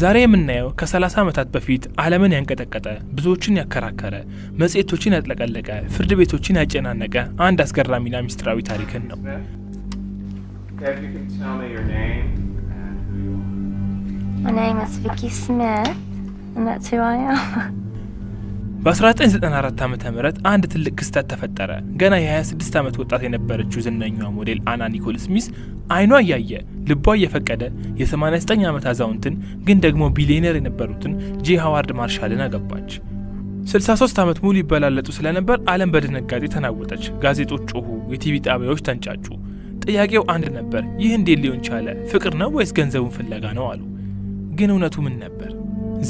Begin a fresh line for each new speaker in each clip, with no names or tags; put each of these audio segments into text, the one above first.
ዛሬ የምናየው ከ30 ዓመታት በፊት ዓለምን ያንቀጠቀጠ ብዙዎችን ያከራከረ መጽሔቶችን ያጥለቀለቀ ፍርድ ቤቶችን ያጨናነቀ አንድ አስገራሚና ሚስጥራዊ ታሪክን ነው።
My name
በ1994 ዓ ም አንድ ትልቅ ክስተት ተፈጠረ። ገና የ26 ዓመት ወጣት የነበረችው ዝነኛዋ ሞዴል አና ኒኮል ስሚስ አይኗ እያየ ልቧ እየፈቀደ የ89 ዓመት አዛውንትን ግን ደግሞ ቢሊዮነር የነበሩትን ጄ ሃዋርድ ማርሻልን አገባች። 63 ዓመት ሙሉ ይበላለጡ ስለነበር ዓለም በድንጋጤ ተናወጠች። ጋዜጦች ጮሁ፣ የቲቪ ጣቢያዎች ተንጫጩ። ጥያቄው አንድ ነበር፣ ይህ እንዴት ሊሆን ቻለ? ፍቅር ነው ወይስ ገንዘቡን ፍለጋ ነው አሉ። ግን እውነቱ ምን ነበር?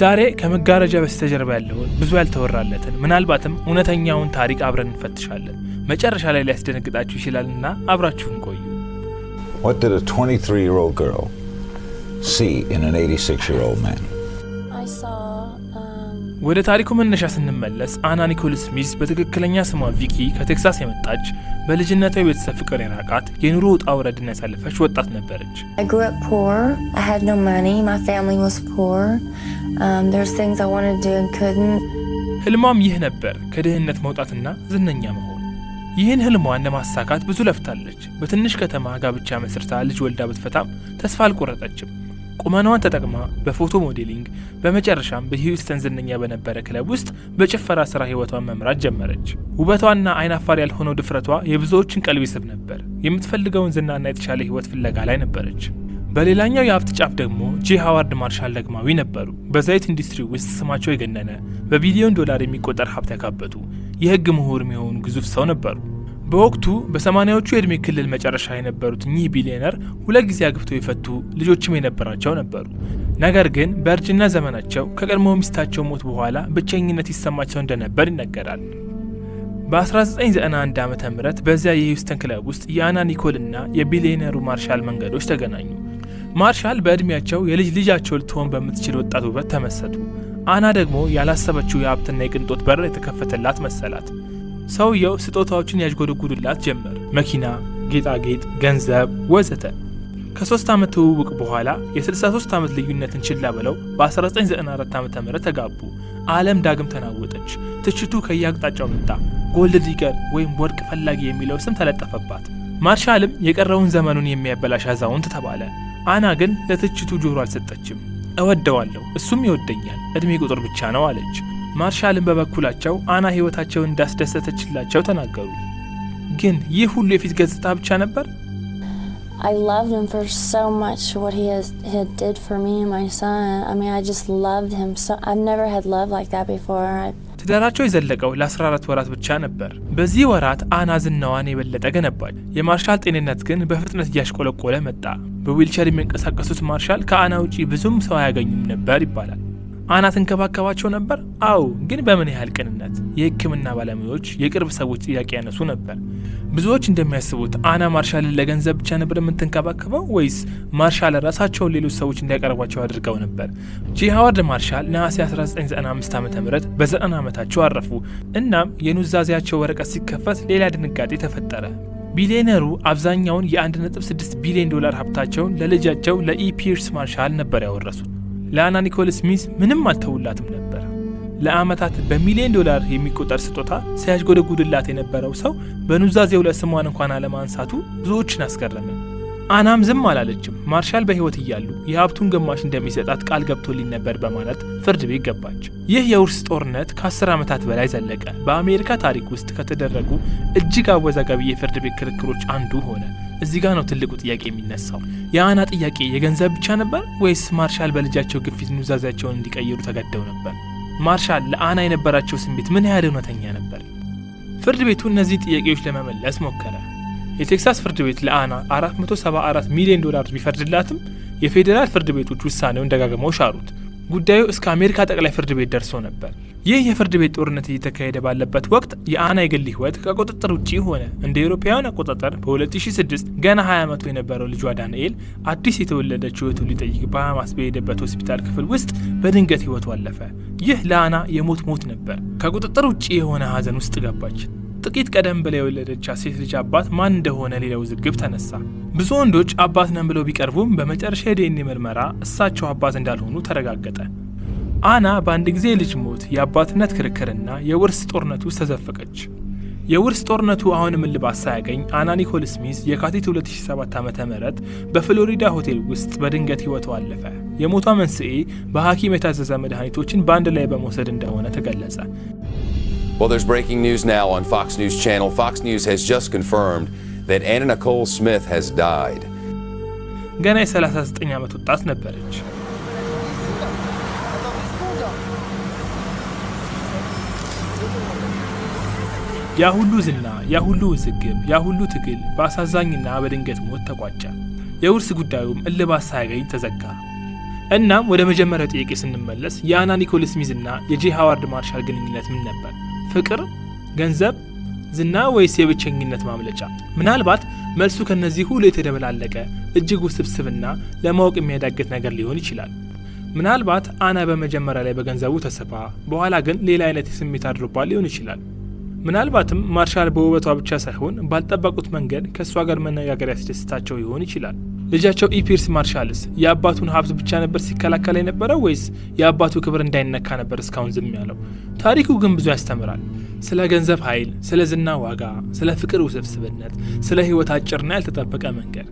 ዛሬ ከመጋረጃ በስተጀርባ ያለውን ብዙ ያልተወራለትን ምናልባትም እውነተኛውን ታሪክ አብረን እንፈትሻለን። መጨረሻ ላይ ሊያስደነግጣችሁ ይችላል እና አብራችሁን ቆዩ። um, ወደ ታሪኩ መነሻ ስንመለስ አና ኒኮልስ ሚዝ በትክክለኛ ስሟ ቪኪ ከቴክሳስ የመጣች በልጅነቷ የቤተሰብ ፍቅር የናቃት የኑሮ ውጣ ውረድን ያሳለፈች ወጣት ነበረች። ህልሟም um, ይህ ነበር፣ ከድህነት መውጣትና ዝነኛ መሆን። ይህን ህልሟን ለማሳካት ብዙ ለፍታለች። በትንሽ ከተማ ጋብቻ መስርታ ልጅ ወልዳ ብትፈታም ተስፋ አልቆረጠችም። ቁመናዋን ተጠቅማ በፎቶ ሞዴሊንግ፣ በመጨረሻም በሂውስተን ዝነኛ በነበረ ክለብ ውስጥ በጭፈራ ስራ ህይወቷን መምራት ጀመረች። ውበቷና አይናፋር ያልሆነው ድፍረቷ የብዙዎችን ቀልብ ይስብ ነበር። የምትፈልገውን ዝናና የተሻለ ህይወት ፍለጋ ላይ ነበረች። በሌላኛው የሀብት ጫፍ ደግሞ ጂ ሀዋርድ ማርሻል ደግማዊ ነበሩ። በዘይት ኢንዱስትሪ ውስጥ ስማቸው የገነነ በቢሊዮን ዶላር የሚቆጠር ሀብት ያካበቱ የህግ ምሁር የሚሆኑ ግዙፍ ሰው ነበሩ። በወቅቱ በሰማኒያዎቹ የዕድሜ ክልል መጨረሻ የነበሩት እኚህ ቢሊዮነር ሁለት ጊዜ አግብተው የፈቱ ልጆችም የነበራቸው ነበሩ። ነገር ግን በእርጅና ዘመናቸው ከቀድሞ ሚስታቸው ሞት በኋላ ብቸኝነት ይሰማቸው እንደነበር ይነገራል። በ1991 ዓ ም በዚያ የሂውስተን ክለብ ውስጥ የአና ኒኮልና የቢሊዮነሩ ማርሻል መንገዶች ተገናኙ። ማርሻል በዕድሜያቸው የልጅ ልጃቸው ልትሆን በምትችል ወጣት ውበት ተመሰጡ። አና ደግሞ ያላሰበችው የሀብትና የቅንጦት በር የተከፈተላት መሰላት። ሰውየው ስጦታዎችን ያዥጎደጉዱላት ጀመር፣ መኪና፣ ጌጣጌጥ፣ ገንዘብ ወዘተ። ከሶስት ዓመት ትውውቅ በኋላ የ63 ዓመት ልዩነትን ችላ ብለው በ1994 ዓ ም ተጋቡ። ዓለም ዳግም ተናወጠች። ትችቱ ከየአቅጣጫው መጣ። ጎልድ ዲገር ወይም ወርቅ ፈላጊ የሚለው ስም ተለጠፈባት። ማርሻልም የቀረውን ዘመኑን የሚያበላሽ አዛውንት ተባለ። አና ግን ለትችቱ ጆሮ አልሰጠችም። እወደዋለሁ፣ እሱም ይወደኛል፣ ዕድሜ ቁጥር ብቻ ነው አለች። ማርሻልን በበኩላቸው አና ሕይወታቸውን እንዳስደሰተችላቸው ተናገሩ። ግን ይህ ሁሉ የፊት ገጽታ ብቻ ነበር። ትዳራቸው የዘለቀው ለ14 ወራት ብቻ ነበር። በዚህ ወራት አና ዝናዋን የበለጠ ገነባች። የማርሻል ጤንነት ግን በፍጥነት እያሽቆለቆለ መጣ። በዊልቸር የሚንቀሳቀሱት ማርሻል ከአና ውጪ ብዙም ሰው አያገኙም ነበር ይባላል። አና ትንከባከባቸው ነበር። አዎ፣ ግን በምን ያህል ቅንነት! የሕክምና ባለሙያዎች፣ የቅርብ ሰዎች ጥያቄ ያነሱ ነበር። ብዙዎች እንደሚያስቡት አና ማርሻልን ለገንዘብ ብቻ ነበር የምትንከባከበው ወይስ ማርሻል ራሳቸውን ሌሎች ሰዎች እንዲያቀርቧቸው አድርገው ነበር? ጄ ሃዋርድ ማርሻል ነሐሴ 1995 ዓ ም በዘጠና ዓመታቸው አረፉ። እናም የኑዛዜያቸው ወረቀት ሲከፈት ሌላ ድንጋጤ ተፈጠረ። ቢሊዮነሩ አብዛኛውን የ1.6 ቢሊዮን ዶላር ሀብታቸውን ለልጃቸው ለኢፒርስ ማርሻል ነበር ያወረሱት። ለአና ኒኮል ስሚዝ ምንም አልተውላትም ነበር። ለአመታት በሚሊዮን ዶላር የሚቆጠር ስጦታ ሲያሽጎደጉድላት የነበረው ሰው በኑዛዜው ለስሟን እንኳን አለማንሳቱ ብዙዎችን አስገረመ። አናም ዝም አላለችም። ማርሻል በሕይወት እያሉ የሀብቱን ግማሽ እንደሚሰጣት ቃል ገብቶልኝ ነበር በማለት ፍርድ ቤት ገባች። ይህ የውርስ ጦርነት ከአስር ዓመታት በላይ ዘለቀ። በአሜሪካ ታሪክ ውስጥ ከተደረጉ እጅግ አወዛጋቢ የፍርድ ቤት ክርክሮች አንዱ ሆነ። እዚህ ጋር ነው ትልቁ ጥያቄ የሚነሳው። የአና ጥያቄ የገንዘብ ብቻ ነበር ወይስ ማርሻል በልጃቸው ግፊት ኑዛዜያቸውን እንዲቀይሩ ተገደው ነበር? ማርሻል ለአና የነበራቸው ስሜት ምን ያህል እውነተኛ ነበር? ፍርድ ቤቱ እነዚህን ጥያቄዎች ለመመለስ ሞከረ። የቴክሳስ ፍርድ ቤት ለአና 474 ሚሊዮን ዶላር ቢፈርድላትም የፌዴራል ፍርድ ቤቶች ውሳኔውን ደጋግመው ሻሩት። ጉዳዩ እስከ አሜሪካ ጠቅላይ ፍርድ ቤት ደርሶ ነበር። ይህ የፍርድ ቤት ጦርነት እየተካሄደ ባለበት ወቅት የአና የግል ሕይወት ከቁጥጥር ውጪ ሆነ። እንደ አውሮፓውያን አቆጣጠር በ2006 ገና 20 ዓመቱ የነበረው ልጇ ዳንኤል አዲስ የተወለደች ሕይወቱን ሊጠይቅ በሐማስ በሄደበት ሆስፒታል ክፍል ውስጥ በድንገት ሕይወቱ አለፈ። ይህ ለአና የሞት ሞት ነበር። ከቁጥጥር ውጪ የሆነ ሐዘን ውስጥ ገባች። ጥቂት ቀደም ብላ የወለደቻት ሴት ልጅ አባት ማን እንደሆነ ሌላ ውዝግብ ተነሳ። ብዙ ወንዶች አባት ነን ብለው ቢቀርቡም በመጨረሻ የዲኤንኤ ምርመራ እሳቸው አባት እንዳልሆኑ ተረጋገጠ። አና በአንድ ጊዜ ልጅ ሞት፣ የአባትነት ክርክርና የውርስ ጦርነት ውስጥ ተዘፈቀች። የውርስ ጦርነቱ አሁንም እልባት ሳያገኝ አና ኒኮል ስሚዝ የካቲት 2007 ዓ.ም በፍሎሪዳ ሆቴል ውስጥ በድንገት ሕይወቷ አለፈ። የሞቷ መንስኤ በሐኪም የታዘዘ መድኃኒቶችን በአንድ ላይ በመውሰድ እንደሆነ ተገለጸ።
Well, there's breaking news now on Fox News Channel. Fox News has just confirmed that Anna Nicole Smith has died.
ገና የ39 ዓመት ወጣት ነበረች። ያ ሁሉ ዝና፣ ያ ሁሉ ውዝግብ፣ ያ ሁሉ ትግል በአሳዛኝና በድንገት ሞት ተቋጨ። የውርስ ጉዳዩም እልባት ሳያገኝ ተዘጋ። እናም ወደ መጀመሪያው ጥያቄ ስንመለስ የአና ኒኮል ስሚዝና የጄ ሃዋርድ ማርሻል ግንኙነት ምን ነበር? ፍቅር፣ ገንዘብ፣ ዝና ወይስ የብቸኝነት ማምለጫ? ምናልባት መልሱ ከእነዚህ ሁሉ የተደበላለቀ እጅግ ውስብስብና ለማወቅ የሚያዳግት ነገር ሊሆን ይችላል። ምናልባት አና በመጀመሪያ ላይ በገንዘቡ ተስባ፣ በኋላ ግን ሌላ አይነት ስሜት አድሮባት ሊሆን ይችላል። ምናልባትም ማርሻል በውበቷ ብቻ ሳይሆን ባልጠበቁት መንገድ ከእሷ ጋር መነጋገር ያስደስታቸው ይሆን ይችላል። ልጃቸው ኢፒርስ ማርሻልስ የአባቱን ሀብት ብቻ ነበር ሲከላከል የነበረው ወይስ የአባቱ ክብር እንዳይነካ ነበር እስካሁን ዝም ያለው? ታሪኩ ግን ብዙ ያስተምራል። ስለ ገንዘብ ኃይል፣ ስለ ዝና ዋጋ፣ ስለ ፍቅር ውስብስብነት፣ ስለ ህይወት አጭርና ያልተጠበቀ መንገድ